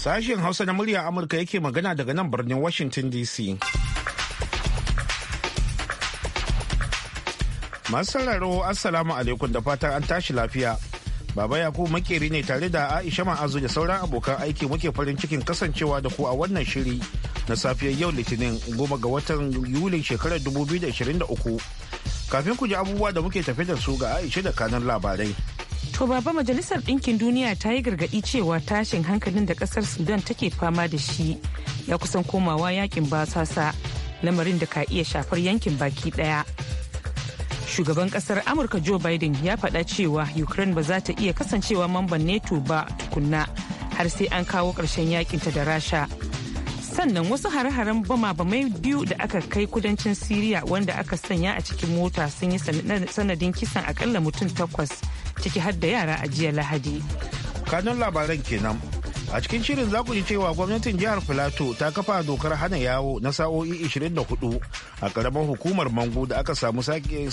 Sashen Hausa na murya Amurka yake magana daga nan birnin Washington DC. Masu sauraro Assalamu alaikum da fatan an tashi lafiya. Baba Yakubu makeri ne tare da Aisha Ma'azu da sauran abokan aiki muke farin cikin kasancewa da ku a wannan shiri na safiyar yau litinin goma ga watan yulin shekarar 2023 kafin ku ji abubuwa da muke tafe da su ga aisha da kanan labarai to baba majalisar ɗinkin duniya ta yi gargaɗi cewa tashin hankalin da ƙasar sudan take fama da shi ya kusan komawa yakin basasa lamarin da ka iya shafar yankin baki ɗaya shugaban ƙasar amurka joe biden ya faɗa cewa ukraine ba za ta iya kasancewa mamban neto ba tukunna har sai an kawo ƙarshen yakinta da rasha sannan wasu hare-haren bama-bamai biyu da aka kai kudancin siriya wanda aka sanya a cikin mota sun yi sanadin kisan akalla mutum takwas ciki har da yara a jiya lahadi kanun labaran kenan a cikin shirin za ku ji cewa gwamnatin jihar filato ta kafa dokar hana yawo na sa'o'i 24 a karamar hukumar mango da aka samu sake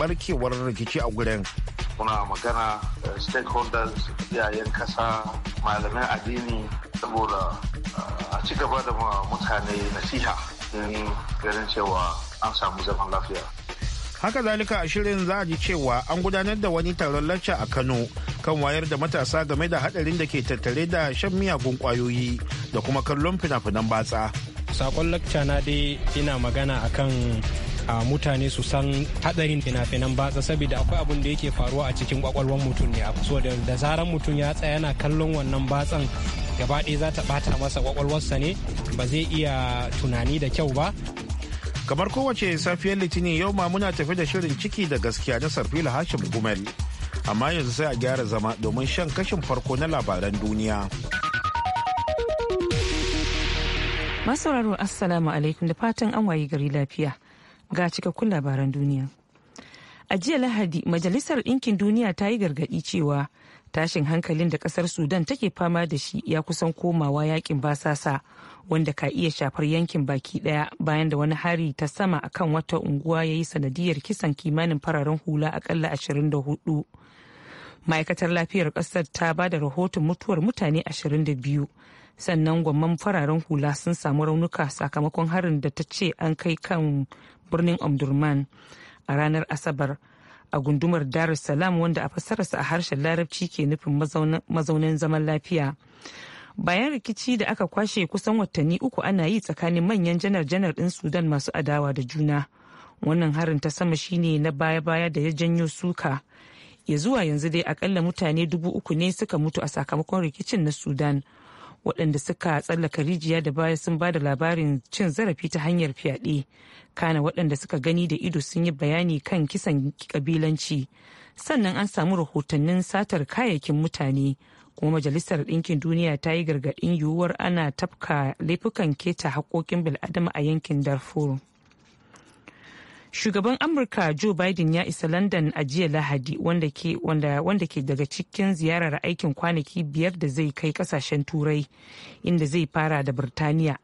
barkewar rikici a guren muna magana stakeholders iyayen kasa malamin addini saboda ci gaba da mutane nasiha don ganin cewa an samu zaman lafiya. Haka zalika a shirin za a ji cewa an gudanar da wani taron lacca a Kano kan wayar da matasa game da hadarin da ke tattare da shan miyagun kwayoyi da kuma kallon fina-finan batsa. Sakon lacca na dai ina magana akan a mutane su san hadarin fina-finan batsa saboda akwai abin da yake faruwa a cikin kwakwalwar mutum ne so da zaran mutum ya tsaya yana kallon wannan batsan gaba ɗaya za ta ɓata masa kwakwalwarsa ne ba zai iya tunani da kyau ba kamar kowace safiyar litinin yau ma muna tafi da shirin ciki da gaskiya na sarfila hashim gumel amma yanzu sai a gyara zama domin shan kashin farko na labaran duniya masauraro assalamu alaikum da fatan an wayi gari lafiya ga cikakkun labaran duniya a jiya lahadi majalisar ɗinkin duniya ta yi gargaɗi cewa tashin hankalin da kasar sudan take fama da shi ya kusan komawa yakin basasa wanda ka iya shafar yankin baki daya bayan da wani hari ta sama akan wata unguwa ya yi sanadiyar kisan kimanin fararen hula akalla 24 ma'aikatar lafiyar kasar ta ba da rahoton mutuwar mutane 22 sannan gwamman fararen hula sun samu raunuka sakamakon harin da ta ce an kai kan birnin omdurman a ranar asabar a gundumar Dar es Salaam wanda a fassararsa a harshen larabci ke nufin mazaunin zaman lafiya. Bayan rikici da aka kwashe kusan watanni uku ana yi tsakanin manyan janar-janar ɗin Sudan masu adawa da juna. Wannan harin ta sama shine na baya-baya da ya janyo suka. Ya zuwa yanzu dai akalla mutane dubu uku ne suka mutu a sakamakon rikicin na Sudan. waɗanda suka tsallaka rijiya da baya sun ba da labarin cin zarafi ta hanyar fyaɗe kana waɗanda suka gani da ido sun yi bayani kan kisan kabilanci sannan an samu rahotannin satar kayayyakin mutane kuma majalisar ɗinkin duniya ta yi gargaɗin yiwuwar ana tafka laifukan keta haƙoƙin bil'adama a yankin darfur shugaban amurka joe biden ya isa london a jiya lahadi wanda ke, wanda, wanda ke daga cikin ziyarar aikin kwanaki biyar da zai kai kasashen turai inda zai fara da birtaniya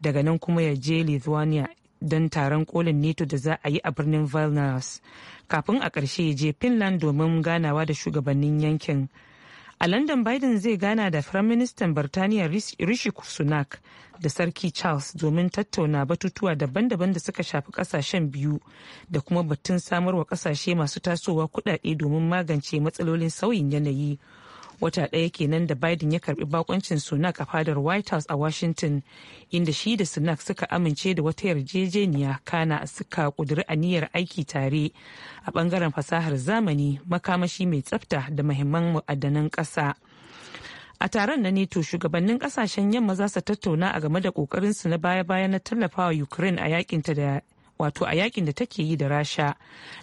daga nan kuma ya je lithuania don taron kolin neto da za a yi a birnin vilnius kafin a ƙarshe ya je finland domin ganawa da shugabannin yankin A London Biden zai gana da Firaministan Birtaniya Rishi Sunak da Sarki Charles domin tattauna batutuwa daban-daban da suka shafi kasashen biyu da kuma batun samarwa kasashe masu tasowa kudade domin magance matsalolin sauyin yanayi wata ɗaya kenan da biden ya karbi bakoncin sunak a fadar white house a washington inda shi da sunak suka amince da wata yarjejeniya kana suka kuduri aniyar aiki tare a bangaren fasahar zamani makamashi mai tsafta da mahimman mu'addanan ƙasa a taron na neto shugabannin kasashen yamma za su tattauna a game da su na baya-baya na tallafawa ukraine a yakinta da wato a yakin da take yi da rasha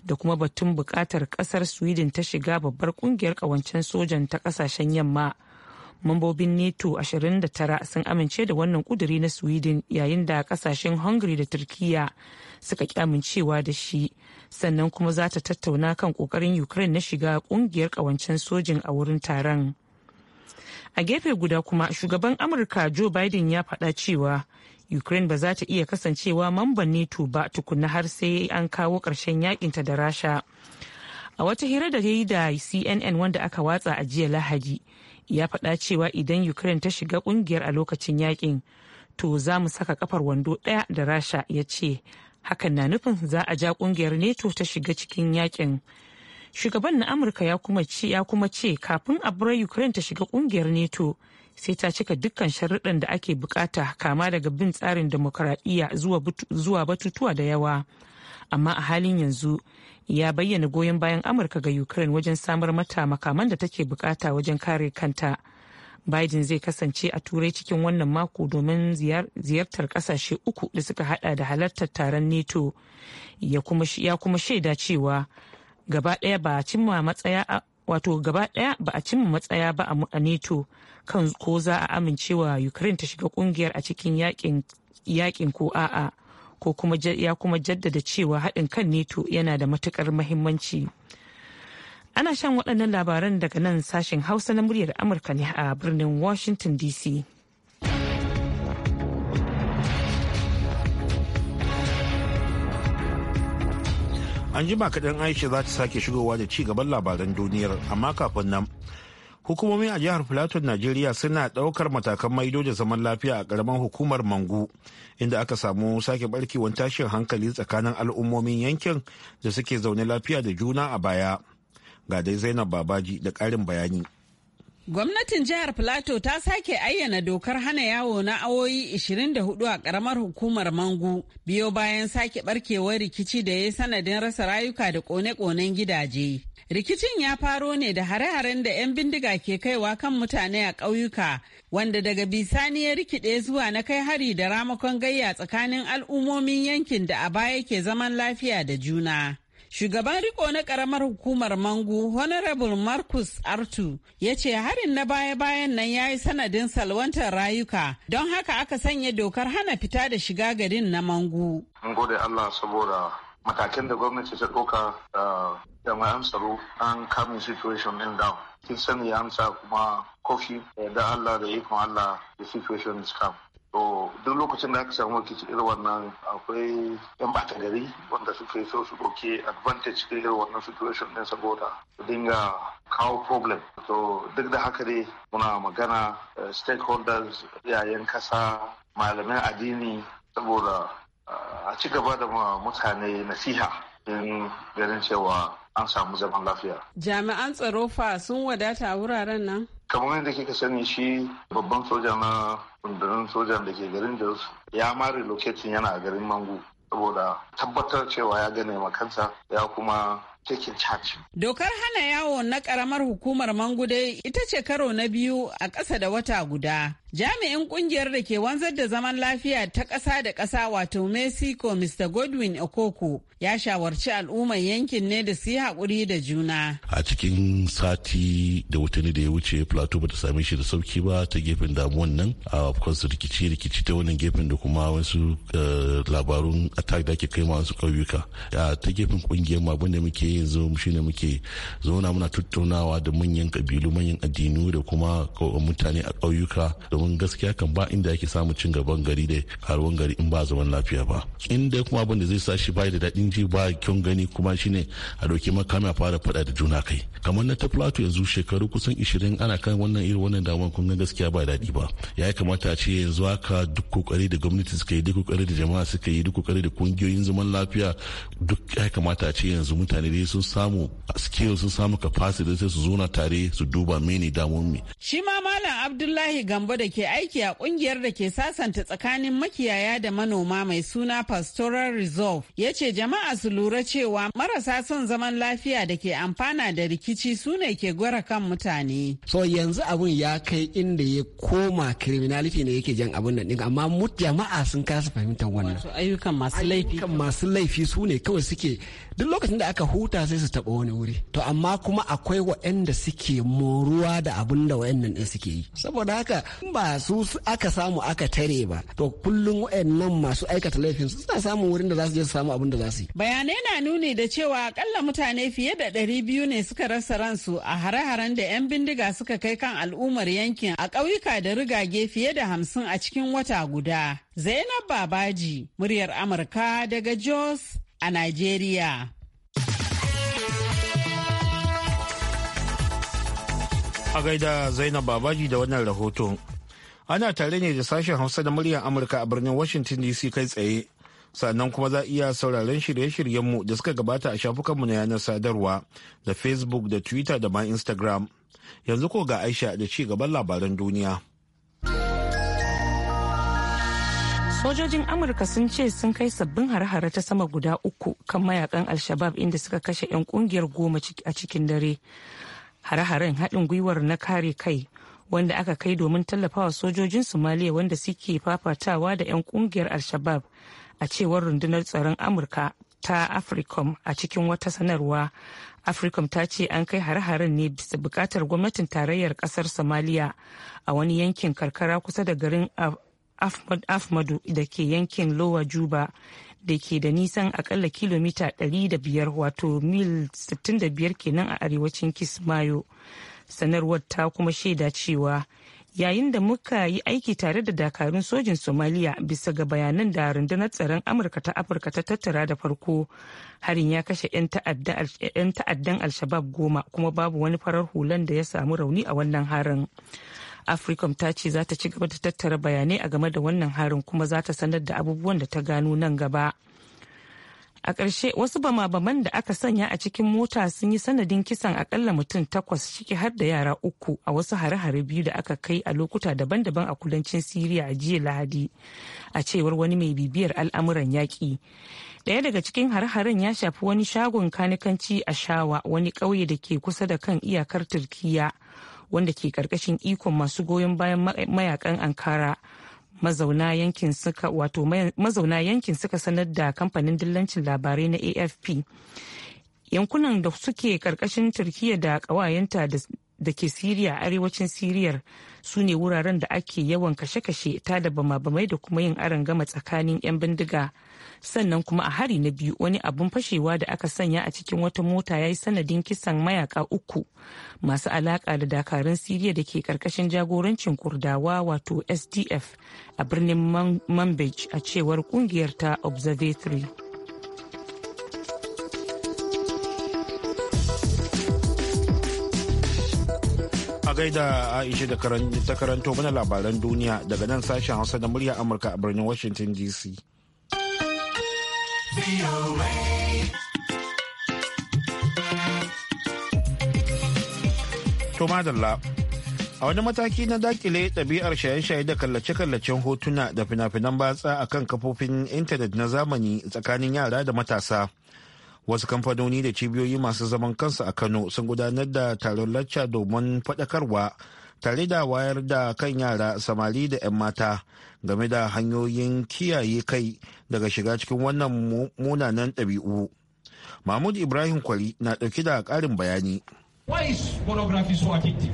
da kuma batun buƙatar ƙasar sweden ta shiga babbar ƙungiyar kawancen sojan ta ƙasashen yamma mambobin nato 29 sun amince da wannan kuduri na sweden yayin da ƙasashen hungary da turkiya suka amincewa da shi sannan kuma za ta tattauna kan ƙoƙarin ukraine na shiga ƙungiyar kawancen sojin a wurin taron a gefe guda kuma shugaban amurka joe biden ya faɗa cewa Ukraine ba za ta iya kasancewa mamban NATO ba tukuna har sai an kawo ƙarshen yakinta da Rasha. A wata hira da yayi da CNN wanda aka watsa a jiya Lahadi, ya faɗa cewa idan Ukraine ta shiga ƙungiyar a lokacin yakin, to za mu saka kafar wando ɗaya da Rasha ya ce, hakan na nufin za a ja ƙungiyar NATO ta shiga cikin yakin. Shugaban na Amurka ya kuma ce kafin a bura Ukraine ta shiga ƙungiyar NATO. sai ta cika dukkan sharuɗan da ake bukata kama daga bin tsarin demokuraɗiyya zuwa batutuwa da yawa amma a halin yanzu ya bayyana goyon bayan amurka ga ukraine wajen samar mata makaman da take bukata wajen kare kanta biden zai kasance a turai cikin wannan mako domin ziyartar kasashe uku da suka hada da halartar taron NATO ya kuma shaida cewa gaba ɗaya ba a cimma matsaya wato gaba daya ba a cimma matsaya ba a neto kan ko za a amincewa ukraine ta shiga kungiyar a cikin yakin ko a'a ko kuma ya kuma jaddada cewa haɗin kan neto yana da matukar mahimmanci ana shan waɗannan labaran daga nan sashen hausa na muryar amurka ne a birnin washington dc an jima kaɗan aisha za ta sake shigowa da ci gaban labaran duniyar amma kafin nan hukumomi a jihar filato najeriya suna ɗaukar matakan maido da zaman lafiya a ƙaramin hukumar mangu inda aka samu sake barkewar tashin hankali tsakanin al'ummomin yankin da suke zaune lafiya da juna a baya ga dai zainab babaji da ƙarin bayani Gwamnatin jihar Filato ta sake ayyana dokar hana yawo na awoyi 24 a karamar hukumar Mangu biyo bayan sake barkewar rikici da ya sanadin rasa rayuka da kone-konen gidaje. Rikicin ya faro ne da hare-haren da 'yan bindiga ke kaiwa kan mutane a ƙauyuka wanda daga bisani ya rikide zuwa na kai hari da ramakon gayya tsakanin al'ummomin yankin da a baya ke zaman lafiya da juna. Shugaban riko na karamar hukumar Mangu, Honorable Marcus Artu, ya ce harin na baya-bayan nan ya yi sanadin salwantar rayuka, don haka aka sanya dokar hana fita da shiga garin na Mangu. An gode Allah saboda matakin da gwamnati ta ɗauka da jama'an tsaro an kamun situation ɗin down. Kin sani ya amsa kuma kofi da Allah da ikon Allah da situation is calm. to duk lokacin da aka samu rikici irin wannan akwai yan bata gari wanda suke so su ɗauki advantage ga irin wannan situation ɗin saboda su dinga kawo problem to duk da haka dai muna magana eh, stakeholders yayan kasa malamin addini saboda eh, a ci gaba da mutane nasiha in ganin cewa an samu zaman lafiya jami'an tsaro fa sun wadata wuraren nan kamar yadda kika sani shi babban soja na rundunar soja da ke garin jos ya ma relocating yana a garin mangu saboda tabbatar cewa ya gane makansa ya kuma taking charge. Dokar hana yawo na karamar hukumar mangu dai ita ce karo na biyu a ƙasa da wata guda. Jami'in kungiyar da ke wanzar da zaman lafiya ta ƙasa da ƙasa wato Mexico Mr. Godwin Okoko ya shawarci al'ummar yankin ne da su yi haƙuri da juna. A cikin sati da watanni da ya wuce Plateau bata same shi da sauki ba ta gefen damuwan nan a kwansu rikici rikici ta wannan gefen da kuma wasu eh, labarun attack da ake kai ma wasu ƙauyuka. Ta gefen kungiyar mu abin da muke shi ne muke zauna muna tattaunawa da manyan kabilu manyan addinu da kuma mutane a ƙauyuka domin domin gaskiya kan ba inda yake samu cin gaban gari da karuwan gari in ba zaman lafiya ba in dai kuma abin da zai sa shi bai da daɗin ji ba kyon gani kuma shine a dauki makami a fara fada da juna kai kamar na ta plato yanzu shekaru kusan 20 ana kan wannan irin wannan damuwar kun ga gaskiya ba daɗi ba ya kamata a ce yanzu haka duk kokari da gwamnati suka yi duk kokari da jama'a suka yi duk kokari da kungiyoyin zaman lafiya duk ya kamata a ce yanzu mutane dai sun samu skill sun samu capacity sai su zo na tare su duba mene damuwar me shi ma malam abdullahi gambo da ke aiki a kungiyar da ke sasanta tsakanin makiyaya da manoma mai suna Pastoral Resolve ya ce jama'a su lura cewa marasa son zaman lafiya da ke amfana da rikici su ne ke gwara kan mutane. So yanzu abun ya kai inda ya koma criminality ne yake jan abun nan amma jama'a sun kasa fahimtar wannan. ayyukan masu laifi. Ayyukan masu laifi su ne kawai suke duk lokacin da aka huta sai su taɓa wani wuri. To amma kuma akwai waɗanda suke moruwa da abun da waɗannan ɗin suke yi. Saboda haka ba su aka samu aka tare ba to kullum wayannan masu aikata laifin suna samun wurin da za su je su samu abin da za su yi bayanai na nuni da cewa akalla mutane fiye da ɗari biyu ne suka rasa ransu a hare-haren da 'yan bindiga suka kai kan al'ummar yankin a ƙauyuka da rigage fiye da hamsin a cikin wata guda zainab babaji muryar amurka daga jos a nigeria a gaida zainab babaji da wannan rahoton ana tare ne da sashen hausa da muryar amurka a birnin washington dc kai tsaye sannan kuma za iya sauraren shirye-shiryenmu da suka gabata a shafukanmu na yanar sadarwa da facebook da twitter da ma instagram yanzu ko ga aisha da ci gaban labaran duniya sojojin amurka sun ce sun kai sabbin har hare ta sama guda uku kan mayakan al-shabab inda suka kashe 'yan kungiyar goma a cikin dare har haren haɗin gwiwar na kare kai wanda aka kai domin tallafawa sojojin somaliya wanda suke fafatawa da 'yan kungiyar al-shabab a cewar rundunar tsaron amurka ta africom a cikin wata sanarwa africom ta ce an kai hare-haren ne bisa bukatar gwamnatin tarayyar kasar somaliya a wani yankin karkara kusa da garin afmadu da ke yankin lowa juba da ke da nisan akalla kilomita 500 wato mil 65 kenan a arewacin kismayo sanarwar ta kuma shaida cewa yayin da muka yi aiki tare da dakarun sojin somaliya bisa ga bayanan da rundunar tsaron amurka ta afirka ta tattara da farko harin ya kashe 'yan ta'addan alshabab goma kuma babu wani farar hulan da ya samu rauni a wannan harin africom ta ce za ta ci gaba da tattara bayanai a game da wannan harin kuma za ta sanar da abubuwan da ta gano nan gaba. a ƙarshe wasu bama-baman da aka sanya a cikin mota sun yi sanadin kisan akalla mutum takwas ciki har da yara uku a wasu hare-hare biyu da aka kai a lokuta daban-daban a kudancin siriya a jiya lahadi a cewar wani mai bibiyar al'amuran yaƙi ɗaya daga cikin hare-haren ya shafi wani shagon kanikanci a shawa wani ƙauye da ke kusa da kan iyakar turkiya wanda ke ƙarƙashin ikon masu goyon bayan mayakan ankara mazauna yankin suka wato mazauna yankin suka sanar da kamfanin dillancin labarai na afp yankunan da suke karkashin turkiya da kawayenta da ke siriya arewacin siriyar su ne wuraren da ake yawan kashe-kashe ta da bama-bamai da kuma yin aron gama tsakanin 'yan bindiga sannan kuma a hari na biyu wani abun fashewa da aka sanya a cikin wata mota ya yi sanadin kisan mayaka uku masu alaka da dakarun siriya da ke karkashin jagorancin kurdawa wato sdf a birnin manbij a cewar kungiyar ta observatory gaida Aisha da ta karanto mana labaran duniya daga nan sashen Hausa da murya Amurka a birnin Washington DC. madalla. A wani mataki na dakile ɗabi'ar shaye-shaye da kallace-kallacen hotuna da fina-finan batsa a kan kafofin intanet na zamani tsakanin yara da matasa. wasu kamfanoni da cibiyoyi masu zaman kansu a kano sun gudanar da taron lacca domin faɗakarwa tare da wayar da kan yara samari da 'yan mata game da hanyoyin kiyaye kai daga shiga cikin wannan munanan ɗabi'u mahmud ibrahim kwari na ɗauki da ƙarin bayani Why is pornography so addictive?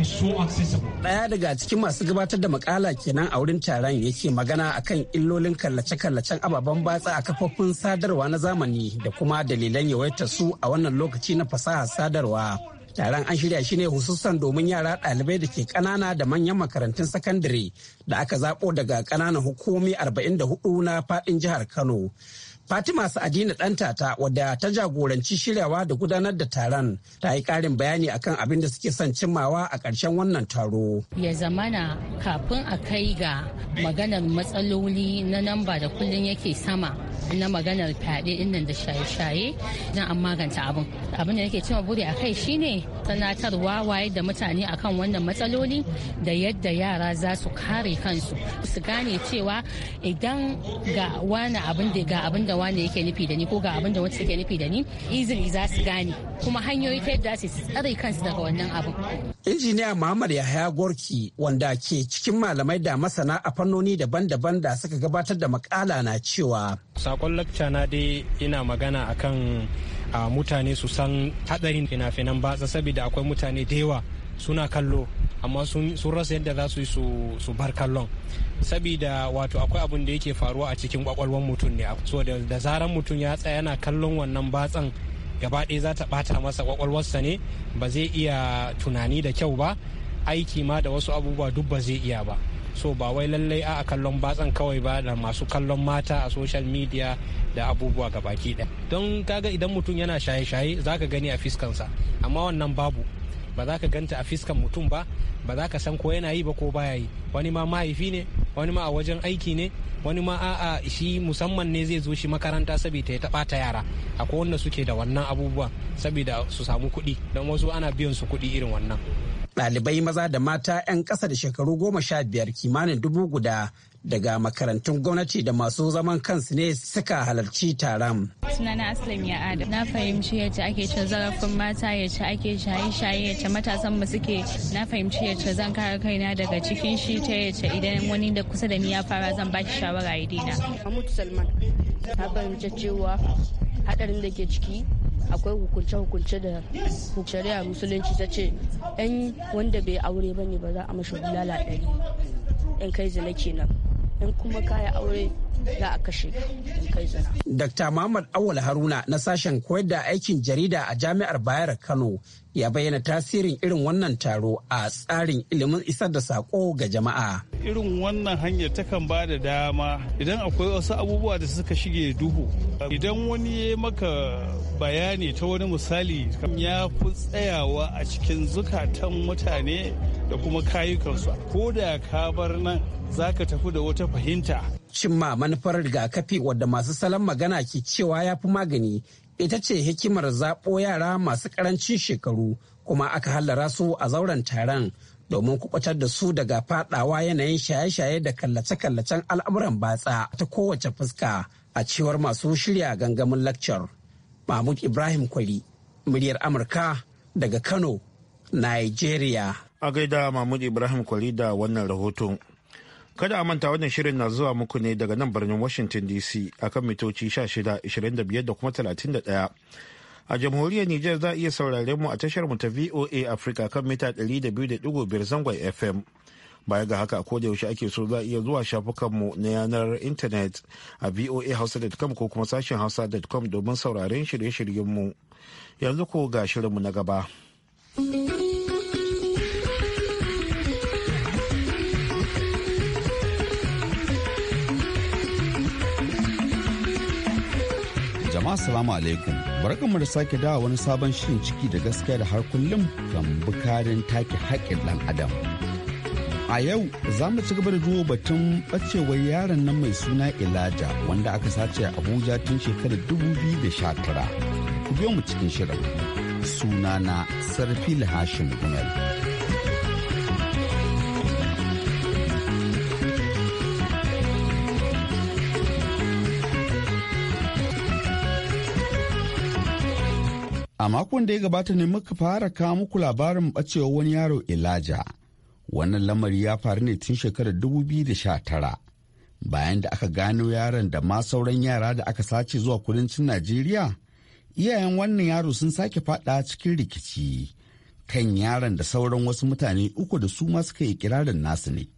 is so accessible. Daya daga cikin masu gabatar da makala kenan a wurin taron yake magana akan illolin kallace-kallacen ababen batsa a kafofin sadarwa na zamani da kuma dalilan yawaitar su a wannan lokaci na fasaha sadarwa. Taron an shirya shi ne hususan domin yara ɗalibai da ke ƙanana da manyan makarantun sakandare da aka zaɓo daga ƙananan hukumi 44 na faɗin jihar Kano. Fatima Sa'adina ɗanta ta wadda ta jagoranci shiryawa da gudanar da taron ta yi ƙarin bayani akan abin da suke son cimmawa a ƙarshen wannan taro. Ya zamana kafin a kai ga maganar matsaloli na namba da kullum yake sama na maganar fyaɗe ɗinnan da shaye-shaye zan an maganta abin. Abin da yake cimma buri a kai shine sanatarwa waye da mutane akan wannan matsaloli da yadda yara za su kare kansu su gane cewa idan ga wani abin da abin da wane yake nufi da ni ko ga abin da wacce yake nufi da ni easily za su gane kuma hanyoyi ta yadda su tsare kansu daga wannan abin. injiniya muhammad yahaya gorki wanda ke cikin malamai da masana a fannoni daban-daban da suka gabatar da makala na cewa sakon lakca na dai ina magana akan a mutane su san hadarin fina-finan batsa saboda akwai mutane da yawa suna kallo amma sun rasa yadda za su yi su bar kallon sabida wato akwai abin da yake faruwa a cikin kwakwalwar mutum ne so da zaran mutum ya tsaya yana kallon wannan batsan gaba ɗaya za ta ɓata masa kwakwalwarsa ne ba zai iya tunani da kyau ba aiki ma da wasu abubuwa duk ba zai iya ba so ba wai lallai a kallon batsan kawai ba da masu kallon mata a social media da abubuwa gabaki ɗaya don kaga idan mutum yana shaye-shaye za ka gani a fiskansa amma wannan babu ba za ka ganta a fiskan mutum ba ba za ka san ko yana yi ba ko baya yi wani ma mahaifi ne wani ma a wajen aiki ne wani ma a'a shi musamman ne zai zo shi makaranta saboda ya taɓa ta yara akwai wanda suke da wannan abubuwa saboda su samu kuɗi don wasu ana biyan su kuɗi irin wannan ɗalibai maza da mata 'yan ƙasa da shekaru goma sha biyar kimanin dubu guda daga makarantun gwamnati da masu zaman kansu ne suka halarci taron. sunana aslam ya adam na fahimci yadda ake cin zarafin mata yadda ake shaye-shaye yadda matasan mu suke na fahimci yace zan kare kaina daga cikin shi ta yadda idan wani da kusa da ni ya fara zan ba shi shawara ya dina. mahmud salman na fahimci cewa hadarin da ke ciki akwai hukunce-hukunce da shari'a musulunci ta ce 'yan wanda bai aure ba ne ba za a mashi bulala ɗari in kai zina kenan in kuma kaya aure za a kashe in kai zina. Dr. Muhammad Awal Haruna na sashen koyar da aikin jarida a Jami'ar Bayar Kano ya bayyana tasirin irin wannan taro a tsarin ilimin isar da sako ga jama'a. Irin wannan hanyar takan ba da dama idan akwai wasu abubuwa da suka shige duhu. Idan wani ya maka bayani ta wani misali ya fi tsayawa a cikin zukatan mutane da kuma kayukansu. Ko da ka bar nan za ka tafi da wata fahimta. Cimma manufar rigakafi wadda masu salon magana ke cewa ya fi magani ita ce hikimar zaɓo yara masu ƙarancin shekaru kuma aka hallara su a zauren taron domin kubutar da su daga fadawa yanayin shaye-shaye da kallace-kallacen al'amuran batsa ta kowace fuska a cewar masu shirya gangamin lakcar. Mahmud Ibrahim Kwari, muryar Amurka daga Kano, Nigeria. A gaida Mahmud Ibrahim Kwari da wannan rahoton. Kada a manta wannan shirin na zuwa muku ne daga nan birnin Washington DC akan mitoci 16, 25 da kuma 31. a jamhuriyar Nijar za a iya saurare mu a tashar mu ta VOA Africa kan mita 200.5 zangon FM. Baya ga haka ko da yaushe ake so za a iya zuwa shafukan mu na yanar intanet a voahausa.com ko kuma sashen hausa.com domin sauraren shirye-shiryen mu. Yanzu ko ga shirinmu na gaba. jama'a salamu alaikum barkanmu da sake dawa wani sabon shirin ciki da gaskiya da har kullum kan bukarin take haƙƙin ɗan adam a yau za mu ci gaba da duba batun ɓacewar yaron nan mai suna ilaja wanda aka sace a abuja tun shekarar 2019 ku biyo mu cikin shirin sunana sarfil hashim gumel A makon da ya gabata ne muka fara kawo muku labarin bacewa wani yaro Ilaja, Wannan lamari ya faru ne tun shekarar dubu da sha tara. bayan da aka gano yaron da ma sauran yara da aka sace zuwa kudancin Najeriya. Iyayen wannan yaro sun sake fada cikin rikici kan yaron da sauran wasu mutane uku da su ma suka yi kirarin nasu ne.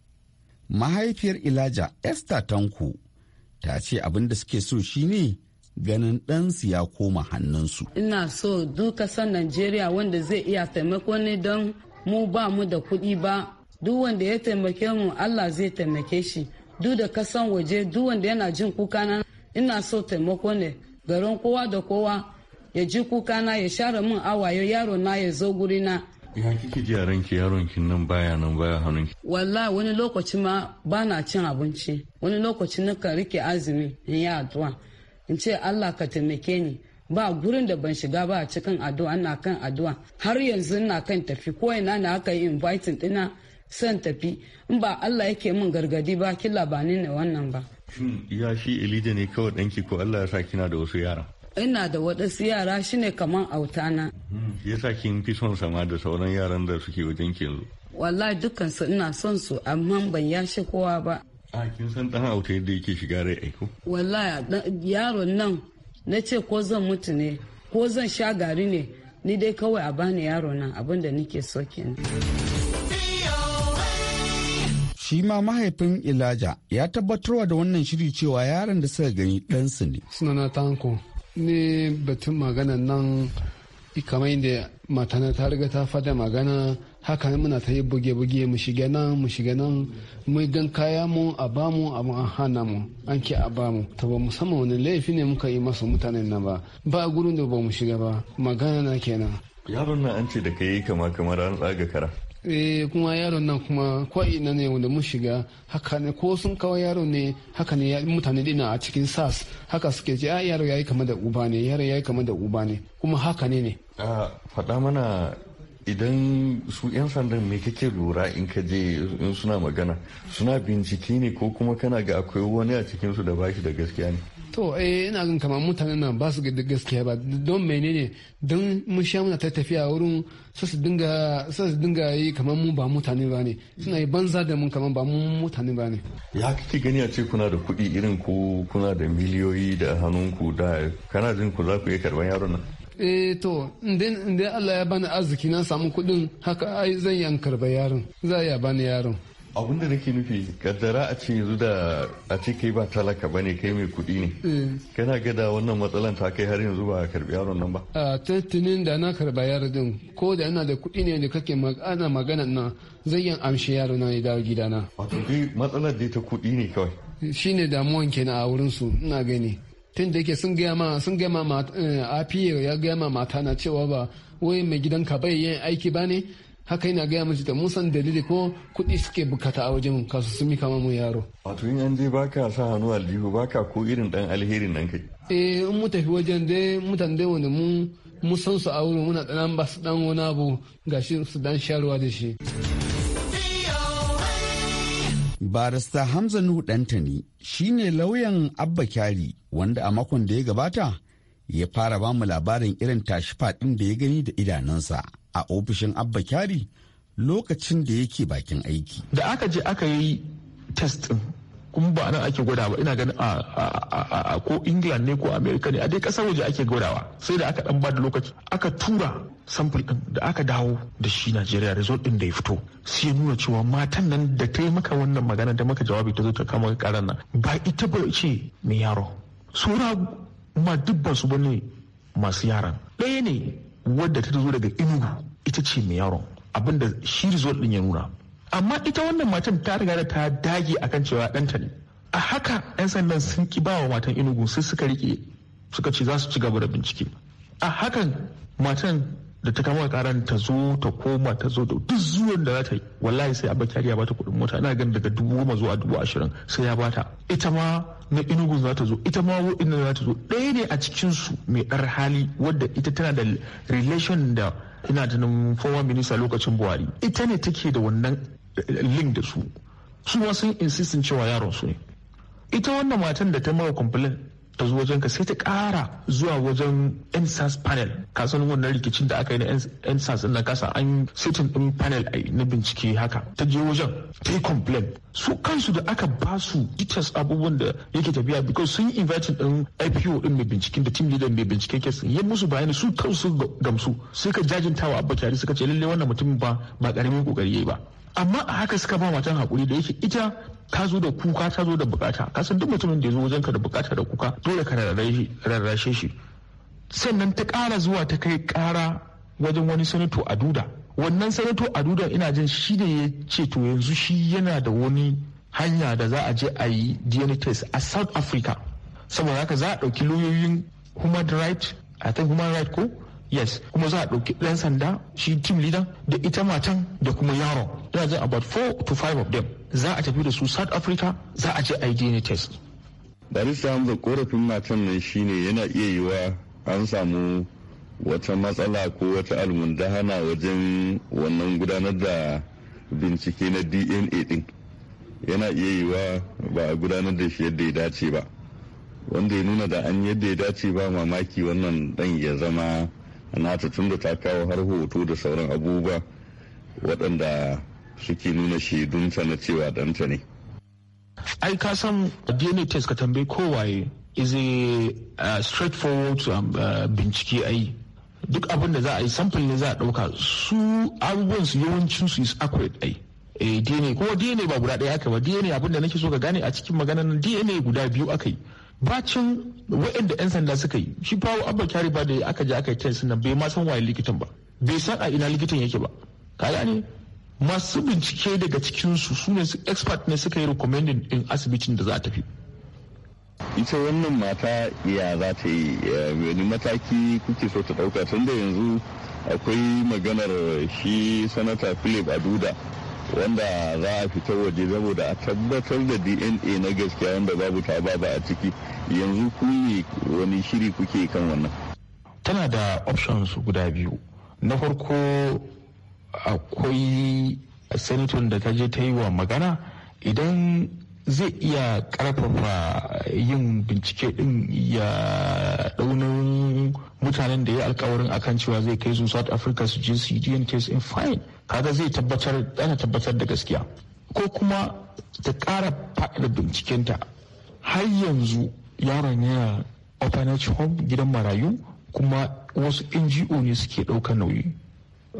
Mahaifiyar Ilaja, Esther Tanko ta ce abin da suke so shine ganin ɗansu ya koma hannunsu. Ina so duk san Najeriya wanda zai iya taimako ne don mu ba mu da kuɗi ba. Duk wanda ya taimake mu Allah zai taimake shi. Duk da kasan waje duk wanda yana jin kuka na ina so taimako ne garin kowa da kowa ya ji kuka na ya share min awayo yaro na ya zo guri na. Ya kike ji a ranki yaron kin nan baya nan baya hannun ki. Wallahi wani lokaci ma bana cin abinci wani lokaci nakan rike azumi in yi addu'a. in ce Allah ka taimake ni ba gurin da ban shiga ba a cikin addu'a na kan addu'a har yanzu na kan tafi ko ina na aka yi inviting dina son tafi in ba Allah yake min gargadi ba kin labanin ne wannan ba shin ya shi Elija ne kawai danki ko Allah ya sa kina da wasu yara ina da waɗansu yara shine kaman autana hmm, yasa kin fi son sama da sauran yaran da suke wajen ke yanzu wallahi dukkan su ina son su amma ban yashi kowa ba a kin san dan auta yadda yake shiga rai aiko wallahi yaron nan na ce ko zan mutu ne ko zan sha gari ne ni dai kawai a bani yaro nan abinda nike so kenan shi ma mahaifin ilaja ya tabbatarwa da wannan shiri cewa yaron da suka gani ɗansu ne sunana tanko ne batun magana nan kamar da matana ta riga ta fada magana haka muna ta yi buge-buge mu shiga nan mu shiga nan mu gan kaya mu a bamu abu a hana mu an ke a bamu ta ba musamman wani laifi ne muka yi masa mutanen nan ba ba gurin da ba mu shiga ba magana na kenan yaron nan an ce da kai kama kamar an tsaga kara eh kuma yaron nan kuma ko ina ne wanda mun shiga haka ne ko sun kawo yaron ne haka ne mutane dina a cikin sas haka suke ce a ah, yaro yayi kama da uba ne yaro yayi kama da uba ne kuma haka ne ne a faɗa mana idan su 'yan sandan me kake lura in ka je in suna magana suna bincike ne ko kuma kana ga akwai wani a cikinsu da bashi da gaskiya ne to eh ina gan kamar mutanen nan ba su da gaskiya ba don menene don mun sha muna ta tafiya wurin su su dinga su su dinga yi kamar mu ba mutane ba ne suna yi banza da mun kamar ba mu mutane ba ne ya kike gani a ce kuna da kuɗi irin ko kuna da miliyoyi da hannun ku da kana jin ku za ku iya karban yaron nan eh to in Allah ya bani arziki na samu kuɗin haka ai zan yan karba yaron za ya bani yaron abun da nake nufi kaddara a ce yanzu da a ce kai ba talaka bane kai mai kuɗi ne eh. kana gada wannan matsalan ta kai har yanzu ba karbi yaron nan ba a tattunin da na karba yaron din ko da ina da kuɗi ne da kake magana magana na zan yan amshi yaron na ya dawo gidana wato dai matsalar dai ta kuɗi ne kawai shine damuwan kenan a wurin su ina gani tun da yake sun gaya ma sun gaya ma afiye eh, ya gaya ma mata na cewa ba wai mai gidanka bai yin aiki ba ne haka yana gaya mace da musan dalili ko kuɗi suke bukata a wajen kasu sun kama mu yaro. wato yin an je ka sa hannu aljihu ka ko irin dan alherin nan kai. eh in mu tafi wajen dai mutan dai wani mu san su a wurin muna dan ba su dan wani abu gashi su dan sharuwa da shi. barista hamza nuhu ɗantani ne lauyan abba kyari wanda a makon da ya gabata ya fara ba mu labarin irin tashi faɗin da ya gani da idanunsa a ofishin abba kyari lokacin da yake bakin aiki da aka je aka yi test kuma ba nan ake gwada ba ina ganin a ko england ne ko america ne a dai kasar waje ake gwadawa sai da aka dan ba da lokaci aka tura sample din da aka dawo da shi Najeriya result din da ya fito sai ya nuna cewa matan nan da ta yi maka wannan magana da maka jawabi ta zo ta kama karan nan ba ita ba ce mai yaro sura ma dubban su bane masu yaran ɗaya ne wadda ta zo daga inugu ita ce mai yaron abinda shi result din ya nuna amma ita wannan matan ta riga da ta dage akan cewa ɗanta ne a haka 'yan sandan sun ki bawa matan inugu sai suka rike suka ce za su ci gaba da bincike a hakan matan da ta kama karan ta zo ta koma ta zo da duk zuwan da za ta yi wallahi sai abin kariya bata kuɗin mota ina gan daga dubu goma zuwa dubu ashirin sai ya bata ita ma na inugu za ta zo ita ma wa'inda za ta zo ɗaya ne a cikinsu mai ɗar hali wadda ita tana da relation da ina tunan former minister lokacin buhari ita ne take da wannan link da su su ma sun insistin cewa yaron su ne ita wannan matan da ta mawa complain ta zo wajen ka sai ta kara zuwa wajen nsas panel ka san wannan rikicin da aka yi na nsas na kasa an sitin din panel na bincike haka ta je wajen ta yi complain su kansu da aka ba su details abubuwan da yake tafiya because sun yi inviting din ipo din mai binciken da team leader mai binciken kesin ya musu bayani su kansu gamsu sai ka jajintawa abba kyari suka ce lalle wannan mutumin ba ba karamin kokari yi ba amma a haka suka ba matan hakuri da yake ita ka zo da kuka ta zo da bukata kasan duk mutumin da ya zo wajenka da bukata da kuka dole ka rarrashe shi sannan ta kara zuwa ta kai kara wajen wani sanato a duda wannan sanato a duda ina jin shi da ya ce to yanzu shi yana da wani hanya da za a je a yi dna test a south africa saboda haka za a ɗauki lauyoyin human right a ta human right ko yes kuma za a ɗauki ɗan sanda shi team leader da ita matan da kuma yaron there are about four to five of them za a tafi da su south africa za a je a dna test barista hamza korafin matan nan shine yana iya yiwa an samu wata matsala ko wata almundahana wajen wannan gudanar da bincike na dna din yana iya yiwa ba a gudanar da shi yadda ya dace ba wanda ya nuna da an yadda ya dace ba mamaki wannan dan ya zama na tun da ta kawo har hoto da sauran abubuwa waɗanda suke nuna shaidunsa na cewa danta ne ai ka san dna test ka tambayi kowaye is a straightforward um, uh, bincike a bincike duk abin da za a yi sample ne za a ɗauka su abubuwan su yawancin su is accurate ai eh dna ko dna ba guda ɗaya aka ba dna abin da nake so ka gane a cikin maganar dna guda biyu aka yi bacin waɗanda 'yan sanda suka yi shi fawo abba kyari ba da aka je aka yi test nan bai ma san waye likitan ba bai san a ina likitan yake ba ka ne masu bincike daga cikinsu su ne expert ne suka yi recommending in asibitin da za ta fi ita wannan mata ya za ta yi wani mataki kuke so ta dauka tun da yanzu akwai maganar shi sanata philip aduda wanda za a fita waje saboda a tabbatar da dna na gaskiya wanda babu ta ba a ciki yanzu ku ne wani shiri kuke kan wannan tana da options guda biyu na farko akwai sanaton da ta je ta yi wa magana idan zai iya karfafa yin bincike din ya daunin mutanen da ya alkawarin akan cewa zai kai su south africa su je cdn case in fine kaga zai tabbatar ana tabbatar da gaskiya ko kuma ta kara faɗa bincikenta har yanzu yaron yana orphanage home gidan marayu kuma wasu ngo ne suke ɗaukar nauyi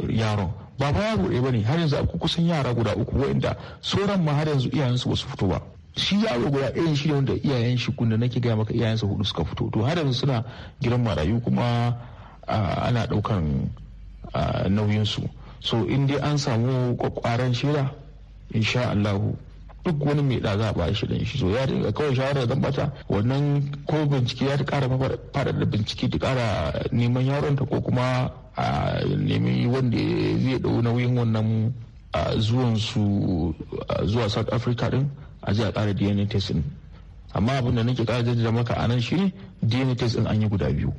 yaron ba ba yaro ɗaya bane har yanzu akwai kusan yara guda uku wa'inda sauran ma har yanzu iyayensu ba su fito ba shi yaro guda ɗaya shi ne wanda iyayen shi kunna nake gaya maka iyayensa hudu suka fito to har yanzu suna gidan marayu kuma ana ɗaukan nauyinsu so in dai an samu kwakwaran shira insha Allahu duk wani mai da za a bashi da shi so ya dinga kawai shawara zan bata wannan ko bincike ya ta kara faɗaɗa bincike ta kara neman yaron ta ko kuma a nemi wanda zai dau nauyin wannan zuwan su zuwa south africa din a zai a kara dna testing amma abin da nake kara jaddada maka a nan shi dna test an yi guda biyu.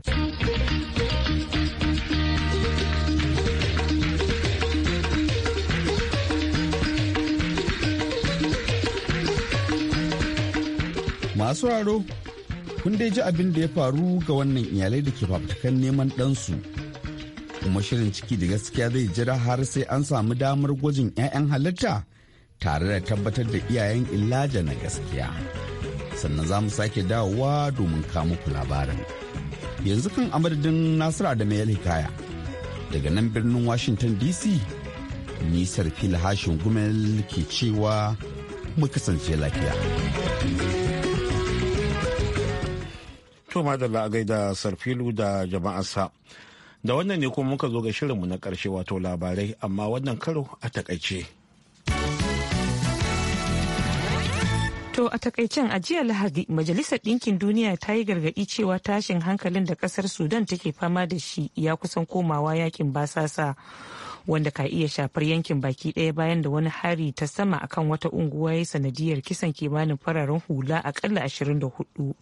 masu raro kun dai ji abin da ya faru ga wannan iyalai da ke fafutukan neman ɗansu kuma shirin ciki da gaskiya zai jira har sai an samu damar gwajin 'ya'yan halitta tare da tabbatar da iyayen illaja na gaskiya sannan za mu sake dawowa domin muku labarin yanzu kan amadadin nasira da mai hikaya daga nan birnin washington dc nisar fil hashin gumel ke cewa mu kasance lafiya. To madalla a gaida sarfilu da jama'arsa. Da wannan ne kuma muka zo ga shirinmu na karshe wato labarai amma wannan karo a takaice. To a takaicen a jiya Lahadi Majalisar Ɗinkin Duniya ta yi gargaɗi cewa tashin hankalin da ƙasar Sudan take fama da shi ya kusan komawa yakin basasa wanda ka iya shafar yankin baki ɗaya bayan da wani hari ta sama akan wata unguwa ya sanadiyar kisan kimanin fararen hula akalla 24.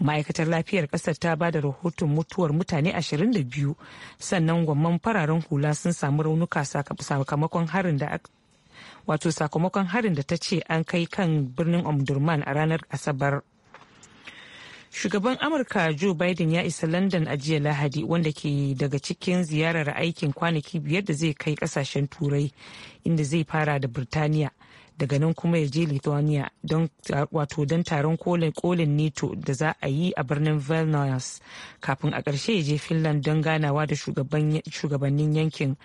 ma'aikatar lafiyar kasar ta ba da rahoton mutuwar mutane 22 sannan gwamman fararen hula sun samu raunuka sakamakon harin da wato sakamakon harin da ta ce an kai kan birnin omdurman a ranar asabar shugaban amurka joe biden ya isa london a jiya lahadi wanda ke daga cikin ziyarar aikin kwanaki biyar da zai kai kasashen turai inda zai fara da birtaniya daga nan kuma ya je lithuania don wato don taron kolin nato da za a yi a birnin vilnius kafin a ƙarshe ya je finland don ganawa da shugabannin yankin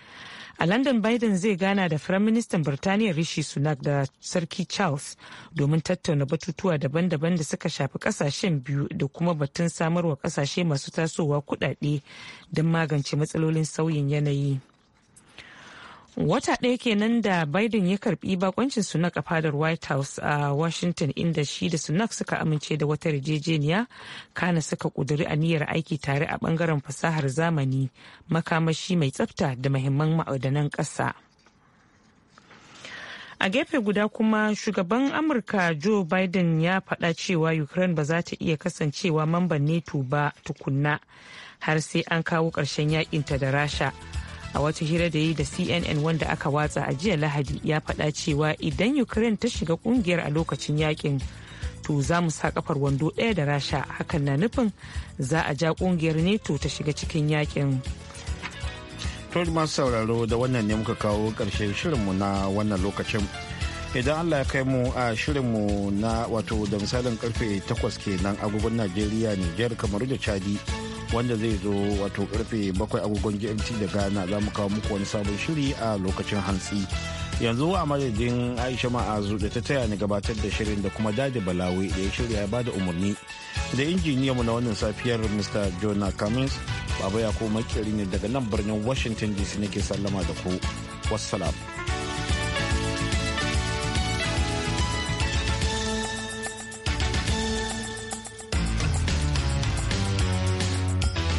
a london biden zai gana da firaministan birtaniya rishi sunak da sarki charles domin tattauna batutuwa daban-daban da suka shafi kasashen biyu da kuma batun samarwa kasashe masu tasowa kudade don magance matsalolin sauyin yanayi. wata ɗaya kenan da biden ya karbi bakoncin sunak a fadar white house a washington inda shi da sunak suka amince da wata yarjejeniya kana suka kuduri aniyar aiki tare a bangaren fasahar zamani makamashi mai tsafta da mahimman ma'adanan ƙasa a gefe guda kuma shugaban amurka joe biden ya faɗa cewa ukraine ba za ta iya kasancewa mamban neto ba tukunna har sai an kawo ƙarshen yakinta da rasha a wata hira da yi da cnn wanda aka watsa a jiya lahadi ya faɗa cewa idan ukraine ta shiga kungiyar a lokacin yakin to za mu sa kafar wando ɗaya da rasha hakan na nufin za a ja kungiyar neto ta shiga cikin yakin tori masu sauraro da wannan ne muka kawo ƙarshen shirinmu na wannan lokacin idan allah ya kai mu a shirinmu na wato da misalin karfe takwas kenan agogon najeriya niger kamaru da chadi wanda zai zo wato karfe bakwai agogon gmt da ghana za mu kawo muku wani sabon shiri a lokacin hantsi yanzu a madadin aisha ma'azu da ta taya ni gabatar da shirin da kuma dadi balawi da ya shirya ya bada umarni da mu na wannan safiyar mr jonah cummins baba ya ko makeri ne daga nan birnin washington dc nake sallama da ku wassalam